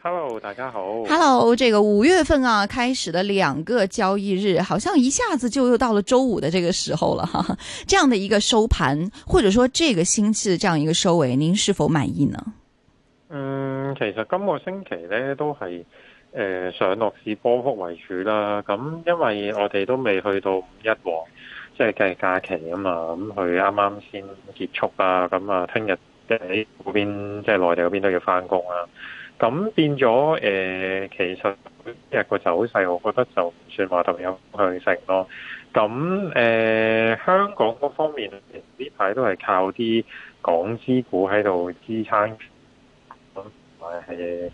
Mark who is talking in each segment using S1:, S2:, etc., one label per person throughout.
S1: Hello，大家好。Hello，這個五月份啊開始的兩個交易日，好像一下子就又到了周五的這個時候了哈。這樣的一個收盤，或者說這個星期的這樣一個收尾，您是否滿意呢？嗯，
S2: 其實今個星期咧都係誒、呃、上落市波幅為主啦。咁、嗯、因為我哋都未去到五一黃，即係計假期啊嘛。咁佢啱啱先結束啊。咁、嗯、啊，聽日即係喺嗰邊，即、就、係、是、內地嗰邊都要返工啊。咁變咗誒、呃，其實今日個走勢，我覺得就唔算話特別有向性咯。咁誒、呃，香港嗰方面呢排都係靠啲港資股喺度支撐，同埋係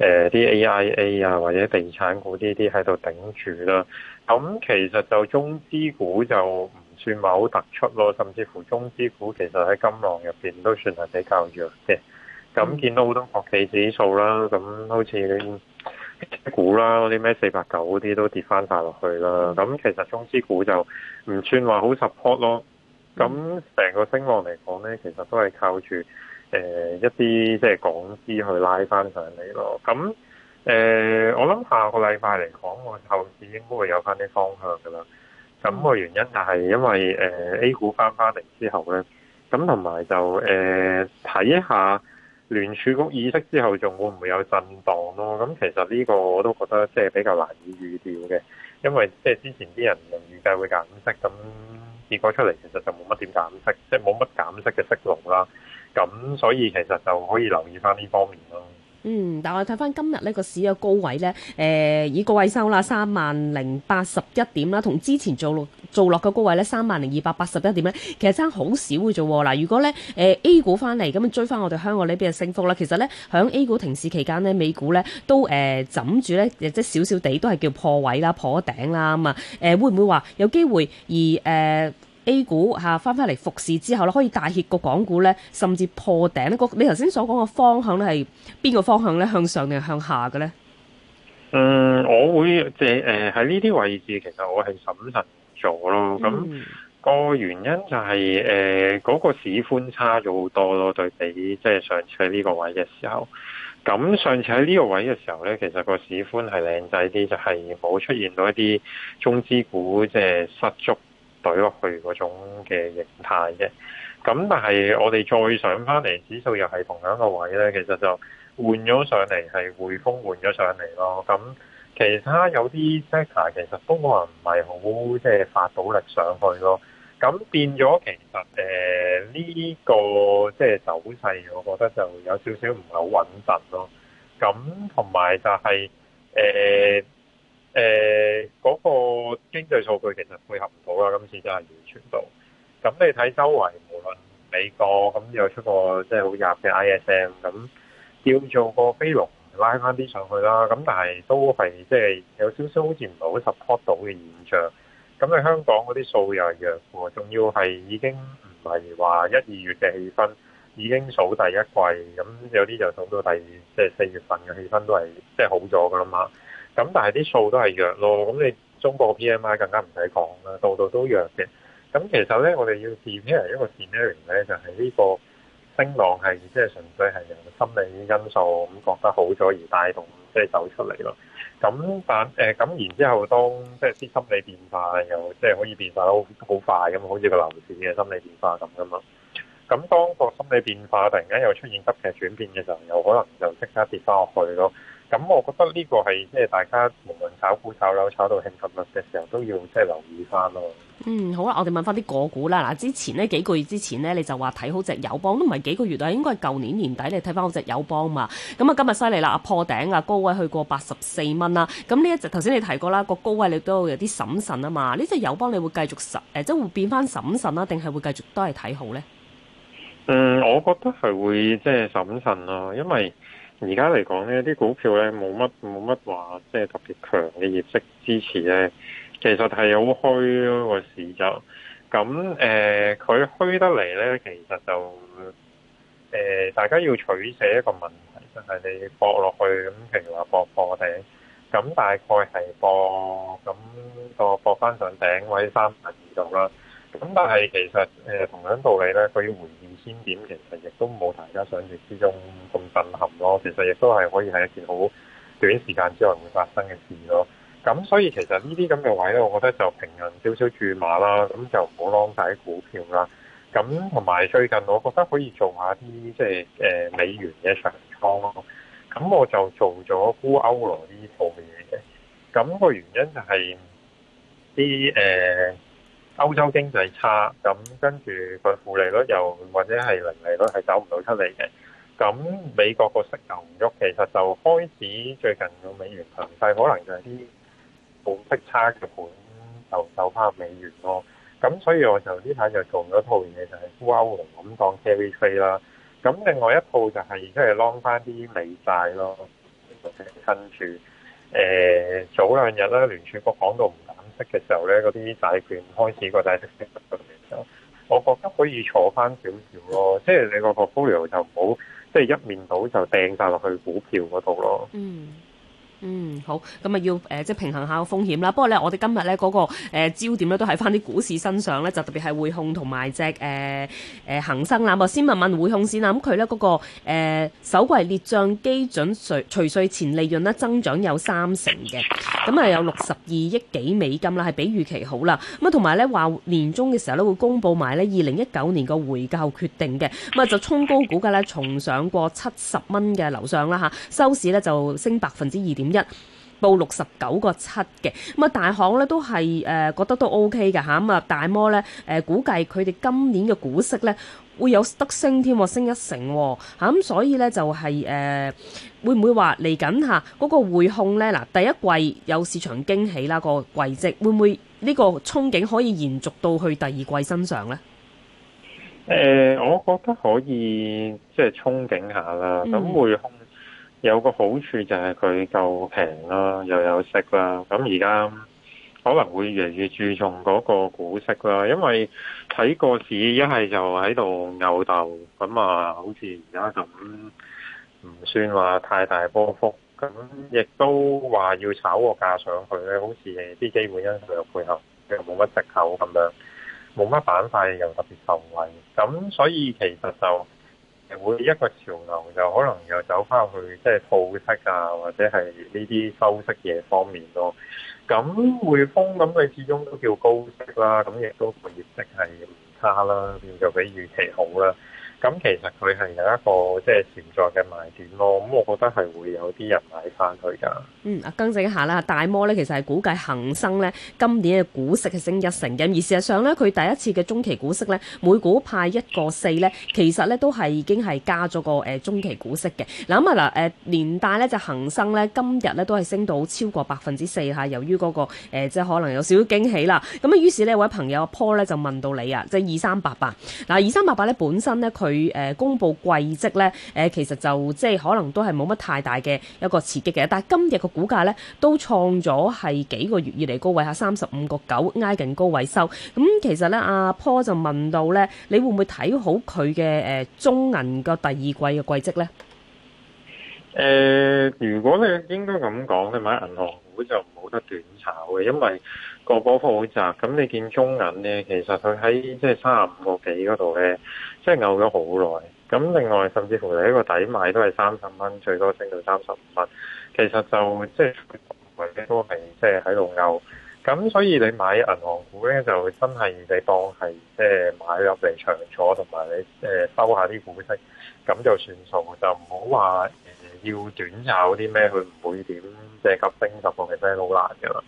S2: 誒啲 AIA 啊或者地產股呢啲喺度頂住啦。咁其實就中資股就唔算話好突出咯，甚至乎中資股其實喺金融入邊都算係比較弱嘅。咁、嗯、見到好多國企指數啦，咁好似啲啲股啦，嗰啲咩四百九嗰啲都跌翻晒落去啦。咁、嗯、其實中資股就唔算話好 support 咯。咁成個升浪嚟講咧，其實都係靠住誒、呃、一啲即係港資去拉翻上嚟咯。咁、呃、誒，我諗下個禮拜嚟講，我後市應該會有翻啲方向噶啦。咁、那個原因就係因為誒、呃、A 股翻翻嚟之後咧，咁同埋就誒睇、呃、一下。聯儲局議息之後，仲會唔會有震盪咯？咁其實呢個我都覺得即係比較難以預料嘅，因為即係之前啲人預計會減息，咁結果出嚟其實就冇乜點減息，即係冇乜減息嘅息隆啦。咁所以其實就可以留意翻呢方面咯。嗯，
S1: 但我睇翻今日呢個市嘅高位咧，誒、呃、以高位收啦，三萬零八十一點啦，同之前做落。做落個高位咧，三萬零二百八十一點咧，其實爭好少嘅啫喎。嗱，如果咧誒 A 股翻嚟咁追翻我哋香港呢邊嘅升幅啦，其實咧喺 A 股停市期間咧，美股咧都誒枕住咧，即係少少地都係叫破位啦、破頂啦咁啊。誒會唔會話有機會而誒 A 股嚇翻翻嚟復市之後咧，可以大 h e 個港股咧，甚至破頂咧個？你頭先所講嘅方向咧係邊個方向咧？向上定係向下嘅咧？嗯，
S2: 我會即係誒喺呢啲位置，其實我係審慎。咗咯，咁、嗯、個原因就係誒嗰個市寬差咗好多咯，對比即係上次喺呢個位嘅時候，咁上次喺呢個位嘅時候呢，其實個市寬係靚仔啲，就係、是，冇出現到一啲中資股即係失足懟落去嗰種嘅形態嘅，咁但係我哋再上返嚟，指數又係同樣一個位呢，其實就換咗上嚟係匯豐換咗上嚟咯，咁。其他有啲 sector 其實都可能唔係好即係發到力上去咯，咁變咗其實誒呢個即係走勢，我覺得就有少少唔係好穩陣咯。咁同埋就係誒誒嗰個經濟數據其實配合唔到啦，今次真係完全唔到。咁你睇周圍無論美國咁又出個即係好弱嘅 ISM，咁叫做個非農。拉翻啲上去啦，咁但係都係即係有少少好似唔係好 support 到嘅現象。咁喺香港嗰啲數又係弱，仲要係已經唔係話一二月嘅氣氛已經數第一季，咁有啲就數到第即係四月份嘅氣氛都係即係好咗噶啦嘛。咁但係啲數都係弱咯。咁你中國嘅 PMI 更加唔使講啦，度度都弱嘅。咁其實呢，我哋要變一樣，因為 i n g 呢，就係呢個。升浪係即係純粹係由心理因素咁覺得好咗而帶動、呃，即係走出嚟咯。咁但誒咁然之後，當即係啲心理變化又即係可以變化好好快咁，好似個樓市嘅心理變化咁㗎嘛。咁當個心理變化突然間又出現急劇轉變嘅時候，有可能就即刻跌翻落去咯。咁，我覺得呢個係即係大家無論炒股、炒樓炒到興奮嘅時候，都要即係留意翻咯。嗯，
S1: 好啦，我哋問翻啲個股啦。嗱，之前呢幾個月之前呢，你就話睇好隻友邦，都唔係幾個月啊，應該係舊年年底你睇翻好隻友邦嘛。咁啊，今日犀利啦，破頂啊，高位去過八十四蚊啦。咁呢一隻頭先你提過啦，個高位你都有啲審慎啊嘛。呢隻友邦你會繼續審，誒、呃，即係會變翻審慎啦，定係會繼續都係睇好咧？
S2: 嗯，我覺得係會即係審慎咯、啊，因為。而家嚟講呢啲股票呢，冇乜冇乜話，即係、就是、特別強嘅業績支持呢。其實係好虛囉，個市就咁誒，佢、呃、虛得嚟呢，其實就誒、呃，大家要取捨一個問題，就係、是、你搏落去咁，譬如話搏破頂，咁大概係搏，咁個搏翻上頂位三十二度啦。咁但係其實誒同樣道理咧，佢回二千點，其實亦都冇大家想象之中咁震撼咯。其實亦都係可以係一件好短時間之內會發生嘅事咯。咁所以其實這這呢啲咁嘅位咧，我覺得就平衡少少注碼啦，咁就唔好浪曬啲股票啦。咁同埋最近我覺得可以做下啲即係誒、呃、美元嘅上倉咯。咁我就做咗沽歐羅呢套嘢嘅。咁、個原因就係啲誒。歐洲經濟差，咁跟住個負利率又或者係零利率係走唔到出嚟嘅，咁美國個息又唔喐，其實就開始最近個美元強勢，可能就係啲報息差嘅盤就走翻美元咯。咁所以我就呢排就做咗套嘢，就係沽歐咁當 carry trade 啦。咁另外一套就係即係 long 翻啲美債咯，跟住誒早兩日咧聯儲局講到。息嘅時候咧，嗰啲債券開始個利息升咗嘅時候，我覺得可以坐翻少少咯。即係你個 portfolio 就唔好，即係一面倒就掟晒落去股票嗰度咯。嗯。
S1: 嗯，好，咁啊要誒、呃、即係平衡下個風險啦。不過咧，我哋今日咧嗰個、呃、焦點咧都喺翻啲股市身上咧，就特別係匯控同埋隻誒誒恒生啊。先問問匯控先啊，咁佢咧嗰個、呃、首季列帳基準除稅前利潤咧增長有三成嘅，咁啊有六十二億幾美金啦，係比預期好啦。咁啊同埋咧話年中嘅時候咧會公布埋咧二零一九年個回購決定嘅，咁啊就衝高股價咧重上過七十蚊嘅樓上啦嚇、啊，收市咧就升百分之二點一報六十九個七嘅咁啊，大行咧都係誒覺得都 OK 嘅吓咁啊，大摩咧誒估計佢哋今年嘅股息咧會有得升添，升一成吓咁，所以咧就係誒會唔會話嚟緊吓嗰個匯控咧嗱，第一季有市場驚喜啦個季績會唔會呢個憧憬可以延續到去第二季身上咧？
S2: 誒，我覺得可以即係憧憬下啦，咁匯控。有個好處就係佢夠平啦，又有息啦。咁而家可能會越嚟越注重嗰個股息啦，因為睇個市一係就喺度吽哣，咁啊，好似而家咁唔算話太大波幅，咁亦都話要炒個價上去咧，好似啲基本因素配合又冇乜藉口咁樣，冇乜板塊又特別受惠，咁所以其實就～會一個潮流就可能又走翻去即係套息啊，或者係呢啲收息嘢方面咯。咁匯豐咁佢始終都叫高息啦，咁亦都個業績係唔差啦，變就比預期好啦。咁其實佢係有一個即係潛在嘅賣點咯。咁我覺得係會有啲人買翻佢噶。
S1: 嗯，啊更正一下啦，大摩咧其實係估計恒生咧今年嘅股息係升一成嘅，而事實上咧佢第一次嘅中期股息咧每股派一個四咧，其實咧都係已經係加咗個誒、呃、中期股息嘅。嗱咁啊嗱誒連帶咧就恒生咧今日咧都係升到超過百分之四嚇，由於嗰、那個、呃、即係可能有少少驚喜啦。咁啊於是呢位朋友阿 Paul 咧就問到你啊，即係二三八八嗱、啊、二三八八咧本身咧佢誒公佈季績咧誒其實就即係可能都係冇乜太大嘅一個刺激嘅，但係今日個股價咧都創咗係幾個月以嚟高位下，三十五個九挨近高位收，咁其實咧阿 Paul 就問到咧，你會唔會睇好佢嘅誒中銀個第二季嘅季績咧？
S2: 誒，如果你應該咁講咧，你買銀行股就冇得短炒嘅，因為個波幅好窄。咁你見中銀咧，其實佢喺即係三十五個幾嗰度咧，即係拗咗好耐。咁另外甚至乎你喺個底買都係三十蚊，最多升到三十五蚊。其實就即係唔係都未，即係喺度拗，咁所以你買銀行股咧就真係你當係即係買入嚟長坐，同埋你誒、呃、收下啲股息，咁就算數，就唔好話要短炒啲咩，佢唔會點即係急升急落，其實都好難噶。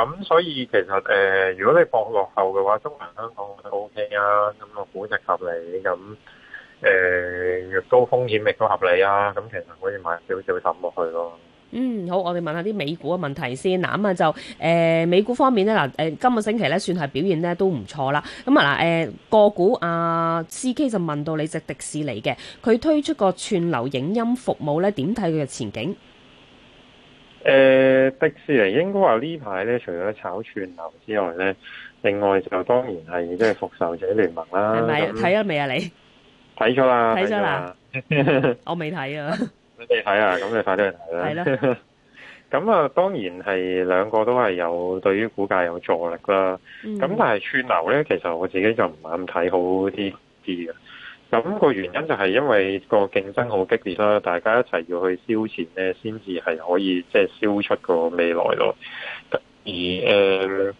S2: 咁所以其實誒、呃，如果你放落後嘅話，中銀香港都 OK 啊，咁個估值合理，咁誒、呃、越高風險亦都合理啊，咁其實可以買少少抌落去咯。
S1: 嗯，好，我哋問下啲美股嘅問題先。嗱、啊，咁啊就，誒、欸，美股方面咧，嗱、啊，誒、呃，今個星期咧算係表現咧都唔錯啦。咁啊嗱，誒、啊，個股啊，CK 就問到你隻迪士尼嘅，佢推出個串流影音服務咧，點睇佢嘅前景？
S2: 誒、呃，迪士尼應該話呢排咧，除咗炒串流之外咧，另外就當然係即係復仇者聯盟啦。係咪睇咗未啊？你睇咗啦，睇咗啦。
S1: 我未睇啊。你
S2: 哋睇下，咁你快啲去睇啦。係咯。咁啊，當然係兩個都係有對於股價有助力啦。咁、嗯、但係串流咧，其實我自己就唔係咁睇好啲啲嘅。咁、個原因就係因為個競爭好激烈啦，大家一齊要去燒錢咧，先至係可以即係燒出個未來咯。而誒。呃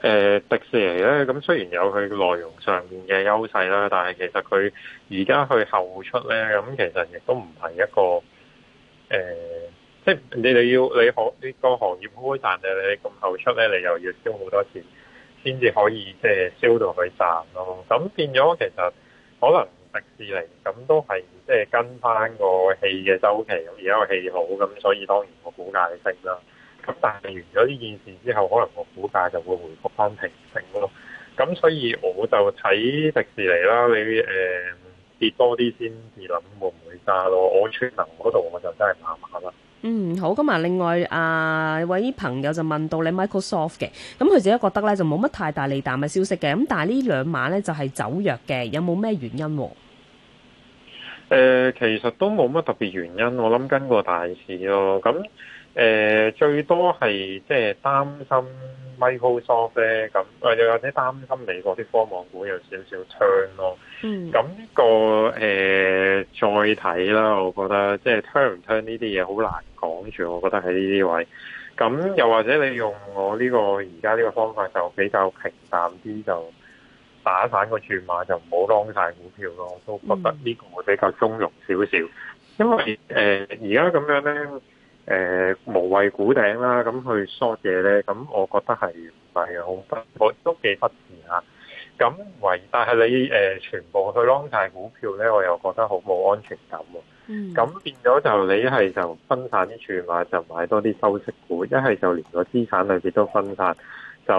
S2: 誒、呃、迪士尼咧，咁雖然有佢內容上面嘅優勢啦，但係其實佢而家去後出咧，咁其實亦都唔係一個誒、呃，即係你哋要你行你、呢個行業好好賺嘅，你咁後出咧，你又要燒好多錢先至可以即係燒到佢賺咯。咁變咗其實可能迪士尼咁都係即係跟翻個戲嘅周期，而家個戲好，咁所以當然個估價升啦。咁但係完咗呢件事之後，可能個股價就會回復翻平靜咯。咁所以我就睇迪士尼啦，你誒、呃、跌多啲先至諗會唔會加咯？我傳媒嗰度我就真係麻麻啦。嗯，
S1: 好。咁啊，另外啊位朋友就問到你 Microsoft 嘅，咁佢自己覺得呢就冇乜太大利淡嘅消息嘅，咁但係呢兩晚呢，就係、是、走弱嘅，有冇咩原因？誒、
S2: 呃，其實都冇乜特別原因，我諗跟個大市咯，咁。誒最多係即係擔心 Microsoft 咧，咁誒又或者擔心美國啲科網股有少少 turn 咯。嗯，咁、呢個誒、呃、再睇啦，我覺得即係 turn 唔 turn 呢啲嘢好難講住，我覺得喺呢啲位。咁又或者你用我呢、呢個而家呢個方法就比較平淡啲，就打散個注碼就唔好 long 晒股票咯。我都覺得呢個比較中庸少少，因為誒而家咁樣咧。誒、呃、無謂估頂啦，咁、嗯、去 short 嘢咧，咁我覺得係唔係好不，都幾不妥嚇。咁唯，但係你誒、呃、全部去 long 曬股票咧，我又覺得好冇安全感喎。嗯。咁變咗就你係就分散啲注碼，就買多啲收息股；一係就連個資產裏邊都分散，就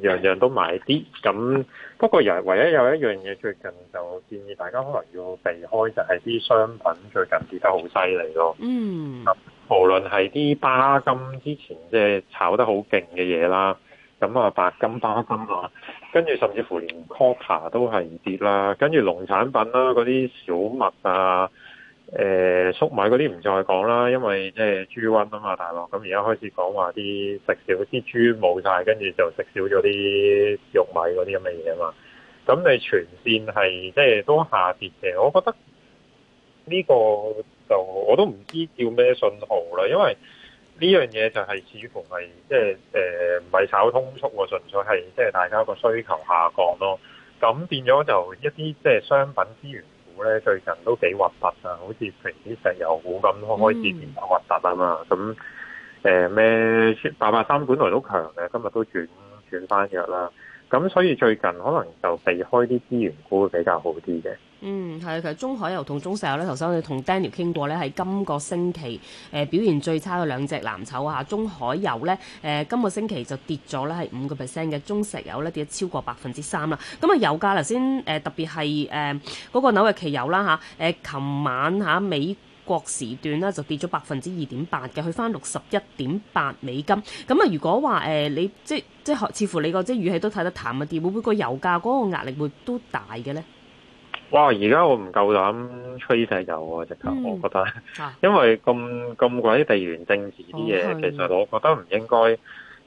S2: 樣樣都買啲。咁不過又唯一有一樣嘢最近就建議大家可能要避開，就係、是、啲商品最近跌得好犀利咯。嗯。無論係啲鈀金之前即係炒得好勁嘅嘢啦，咁啊白金、鈀金啊，跟住甚至乎連 copper 都係跌啦，跟住農產品啦，嗰啲小麥啊、誒、啊呃、粟米嗰啲唔再講啦，因為即係豬瘟啊嘛，大佬，咁而家開始講話啲食少啲豬冇晒，跟住就食少咗啲玉米嗰啲咁嘅嘢啊嘛，咁你全線係即係都下跌嘅，我覺得呢、這個。就我都唔知叫咩信號啦，因為呢樣嘢就係似乎係即係誒唔係炒通縮喎，純粹係即係大家個需求下降咯。咁變咗就一啲即係商品資源股咧，最近都幾核突啊，好似平啲石油股咁，開始變得核突啊嘛。咁誒咩八八三本來都強嘅，今日都轉。轉翻藥啦，咁所以最近可能就避開啲資源股會比較好啲
S1: 嘅。嗯，係其實中海油同中石油咧，頭先我哋同 Daniel 傾過咧，係今個星期誒表現最差嘅兩隻藍籌啊。中海油咧誒、呃，今個星期就跌咗咧係五個 percent 嘅，中石油咧跌咗超過百分之三啦。咁啊，油價頭先誒特別係誒嗰個紐約期油啦嚇誒，琴、呃、晚嚇、呃、美國時段咧就跌咗百分之二點八嘅，去返六十一點八美金。咁啊，如果話誒、呃、你即即係似乎你個即係語氣都睇得淡一啲，會唔會個油價嗰個壓力會都大嘅咧？
S2: 哇！而家我唔夠膽吹晒油啊，直頭我覺得，嗯、因為咁咁鬼地緣政治啲嘢，哦、其實我覺得唔應該。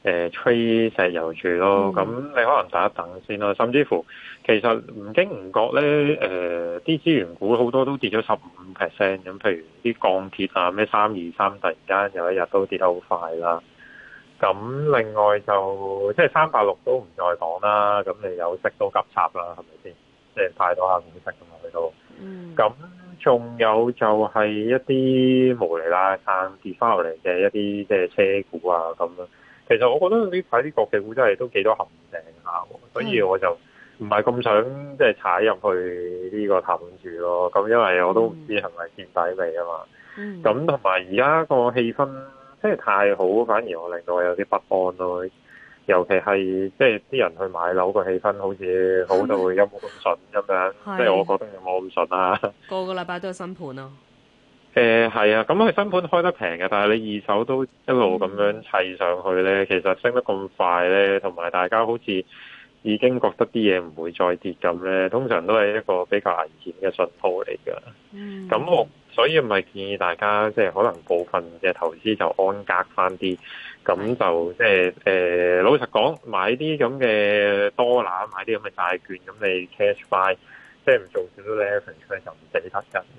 S2: 誒吹石油住咯，咁、嗯嗯、你可能等一等先咯。甚至乎其實唔經唔覺咧，誒、呃、啲資源股好多都跌咗十五 percent 咁，譬如啲鋼鐵啊，咩三二三突然間有一日都跌得好快啦。咁另外就即係三百六都唔再講啦，咁你有息都急插啦，係咪先？即係派到下五息咁啊，去到。嗯。咁仲、嗯、有就係一啲無厘啦，生跌翻落嚟嘅一啲即係車股啊，咁樣。其實我覺得呢排啲國際股真係都幾多陷阱下，所以我就唔係咁想即係踩入去呢個氹住咯。咁因為我都唔知係咪見底未啊嘛。咁同埋而家個氣氛即係太好，反而我令到我有啲不安咯。尤其係即係啲人去買樓個氣氛好似好到有冇咁順咁樣，是是即係我覺得有冇咁順啊？是是
S1: 個個禮拜都有新盤咯、啊。
S2: 誒係、嗯、啊，咁佢新盤開得平嘅，但係你二手都一路咁樣砌上去咧，嗯、其實升得咁快咧，同埋大家好似已經覺得啲嘢唔會再跌咁咧，通常都係一個比較危險嘅信號嚟㗎。嗯，咁我所以我咪建議大家即係、就是、可能部分嘅投資就安格翻啲，咁就即係誒老實講買啲咁嘅多攬，買啲咁嘅債券，咁你 cash buy。即係唔做少咧，出嚟就唔俾得人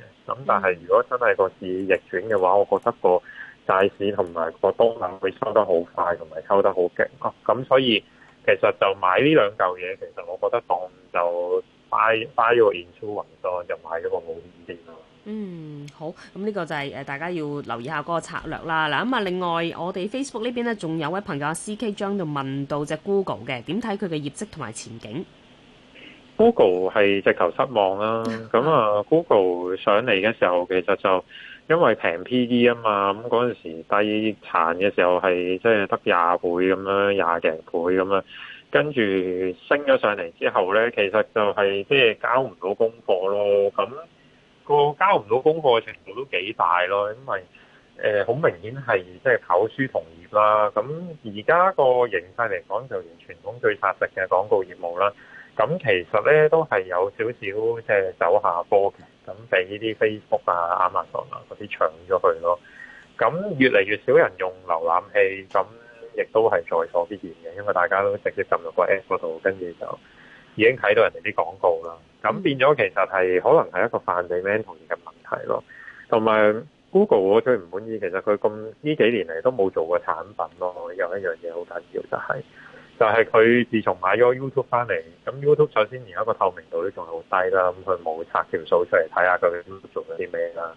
S2: 嘅。咁但係如果真係個市逆轉嘅話，我覺得個債市同埋個動能會收得好快，同埋收得好勁。咁所以其實就買呢兩嚿嘢，其實我覺得當就 buy buy 個 insurance 就買咗個保險咯。嗯，
S1: 好。咁呢個就係誒大家要留意下嗰個策略啦。嗱，咁啊，另外我哋 Facebook 呢邊咧，仲有位朋友 C K 張度問到隻 Google 嘅點睇佢嘅業績同埋前景。
S2: Google 係直頭失望啦，啊，咁啊 Google 上嚟嘅時候其實就因為平 P d 啊嘛，咁嗰陣時低殘嘅時候係即係得廿倍咁樣，廿零倍咁啊，跟住升咗上嚟之後呢，其實就係即係交唔到功課咯，咁、那個交唔到功課嘅程度都幾大咯，因為誒好、呃、明顯係即係考書同業啦，咁而家個形勢嚟講就完全統最發值嘅廣告業務啦。咁其實咧都係有少少即係走下坡，咁俾呢啲 Facebook 啊、Amazon 啊嗰啲搶咗去咯。咁越嚟越少人用瀏覽器，咁亦都係在所必然嘅，因為大家都直接進入個 App 嗰度，跟住就已經睇到人哋啲廣告啦。咁變咗其實係可能係一個泛地 Man 同意嘅問題咯。同埋 Google 我最唔滿意，其實佢咁呢幾年嚟都冇做過產品咯。有一樣嘢好緊要就係、是。就係佢自從買咗 YouTube 翻嚟，咁 YouTube 首先而家個透明度都仲係好低啦，咁佢冇拆條數出嚟睇下佢做咗啲咩啦。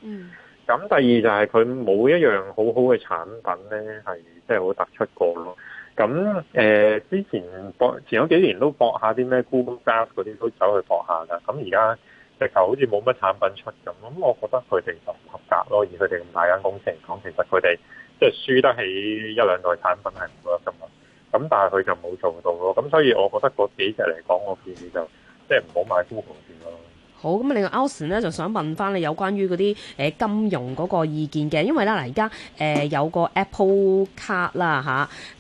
S2: 咁、嗯、第二就係佢冇一樣好好嘅產品咧，係即係好突出過咯。咁誒、呃、之前博前嗰幾年都博下啲咩 Google Glass 嗰啲都走去博下噶，咁而家直頭好似冇乜產品出咁，咁我覺得佢哋就唔合格咯。以佢哋咁大間工程嚟講，其實佢哋即係輸得起一兩代產品係唔得㗎嘛。咁但係佢就冇做到咯，咁所以我覺得嗰幾隻嚟講，我建議就即係唔好買 coupon 先咯。
S1: 好，咁另外，Alson 呢，就想問翻你有關於嗰啲誒金融嗰個意見嘅，因為咧嗱，而家誒有個 Apple 卡啦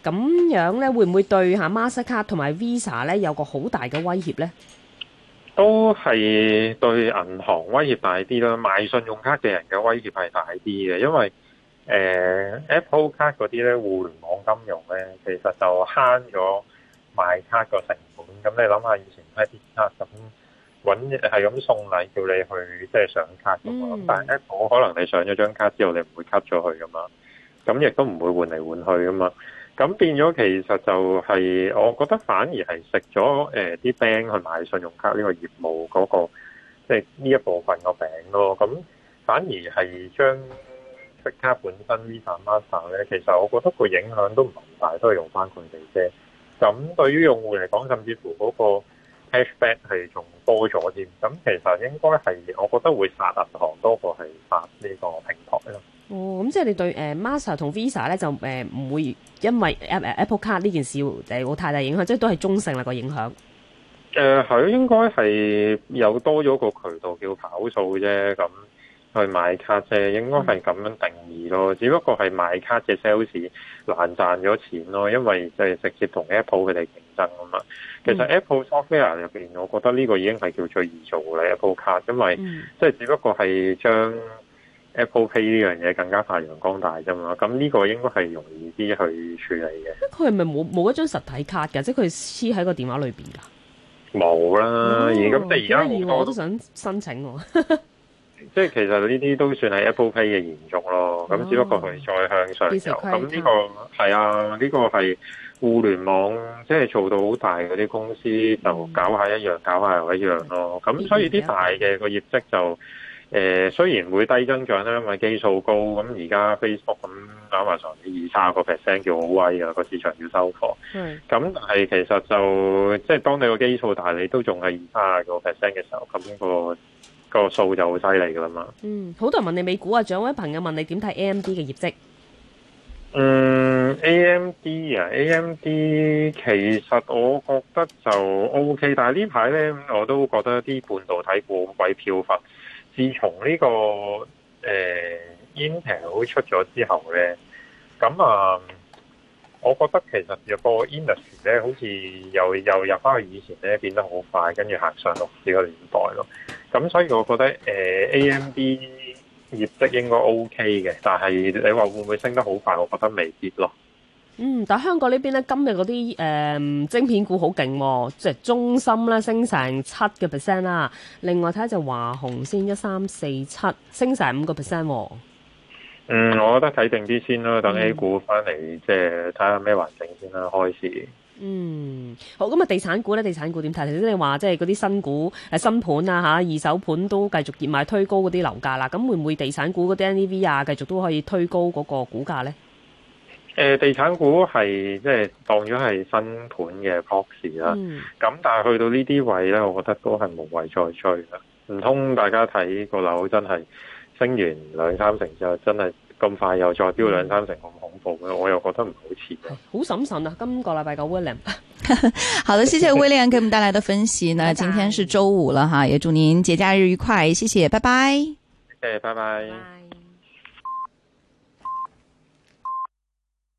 S1: 吓，咁樣咧會唔會對吓 Master 卡同埋 Visa 咧有個好大嘅威脅咧？
S2: 都係對銀行威脅大啲咯，賣信用卡嘅人嘅威脅係大啲嘅，因為。誒、uh, Apple 卡嗰啲咧，互聯網金融咧，其實就慳咗賣卡個成本。咁你諗下，以前開啲卡咁搵，係咁送禮叫你去即係、就是、上卡嘅嘛。嗯、但係 Apple 可能你上咗張卡之後，你唔會 cut 咗佢噶嘛。咁亦都唔會換嚟換去噶嘛。咁變咗其實就係、是、我覺得反而係食咗誒啲 bank 去買信用卡呢個業務嗰、那個，即係呢一部分個餅咯。咁反而係將。卡本身 Visa、Master 咧，其實我覺得個影響都唔係咁大，都係用翻佢哋啫。咁對於用戶嚟講，甚至乎嗰個 cashback 係仲多咗啲。咁其實應該係我覺得會殺銀行多過係殺呢個平台咯。
S1: 哦，咁即係你對誒 Master 同 Visa 咧就誒唔會因為 Apple Card 呢件事誒冇太大影響，即係都係中性啦個影響。
S2: 誒係咯，應該係有多咗個渠道叫跑數啫。咁。去買卡啫，應該係咁樣定義咯。只不過係買卡嘅 sales 難賺咗錢咯，因為就係直接同 Apple 佢哋競爭啊嘛。其實 Apple Software 入邊，我覺得呢個已經係叫最易做嘅 Apple 卡，因為即係只不過係將 Apple Pay 呢樣嘢更加發揚光大啫嘛。咁呢個應該係容易啲去處理
S1: 嘅。佢係咪冇冇一張實體卡嘅？即係佢黐喺個電話裏邊噶？
S2: 冇啦。咁但係而家我都
S1: 想申請
S2: 即係其實呢啲都算係 Apple Pay 嘅延續咯，咁、oh, 只不過佢再向上。咁呢、這個係啊，呢、這個係互聯網即係、就是、做到好大嗰啲公司，就搞一下一樣，搞一下又一樣咯。咁、嗯、所以啲大嘅個業績就誒、呃，雖然會低增長啦，因為基數高。咁而家 Facebook 咁講埋上二三十個 percent 叫好威啊，那個市場要收貨。嗯。咁但係其實就即係、就是、當你個基數大，你都仲係二三十個 percent 嘅時候，咁、那個。個數就好犀利噶啦嘛。
S1: 嗯，好多人問你美股啊，仲有位朋友問你點睇 AMD 嘅業績。嗯
S2: ，AMD 啊，AMD 其實我覺得就 OK，但係呢排呢，我都覺得啲半導體股鬼飄忽。自從呢、這個誒、欸、Intel 出咗之後呢，咁啊，我覺得其實有個 industry 咧，好似又又入翻去以前咧，變得好快，跟住行上六字嘅年代咯。咁所以我覺得誒、呃，AMD 業績應該 OK 嘅,但係你話會唔會升得好快？我覺得未必咯。嗯，
S1: 但香港邊呢邊咧，今日嗰啲誒晶片股好勁，哦，即係中芯咧升成七個 percent 啦。另外睇下隻華虹先一三四七，47, 升成五個 percent。啊、嗯，
S2: 我覺得睇定啲先啦，等 A 股翻嚟，即係睇下咩環境先啦，開始。
S1: 嗯，好咁啊！地產股咧，地產股點睇？即你話，即係嗰啲新股，誒新盤啊吓，二手盤都繼續熱賣，推高嗰啲樓價啦。咁會唔會地產股嗰啲 N V 啊，繼續都可以推高嗰個股價咧？
S2: 誒、呃，地產股係即係當咗係新盤嘅 pot 市啊。咁但係去到呢啲位咧，我覺得都係無謂再追啦。唔通大家睇個樓真係升完兩三成之後，就真係咁快又再飆兩三成咁？
S1: 我又覺得唔好似，好審慎啊！今個禮拜個 William，好的，謝謝 William 給我們帶來的分析。那今天是周五了哈，也祝您節假日愉快，謝謝，拜拜。
S2: 誒，okay，拜拜。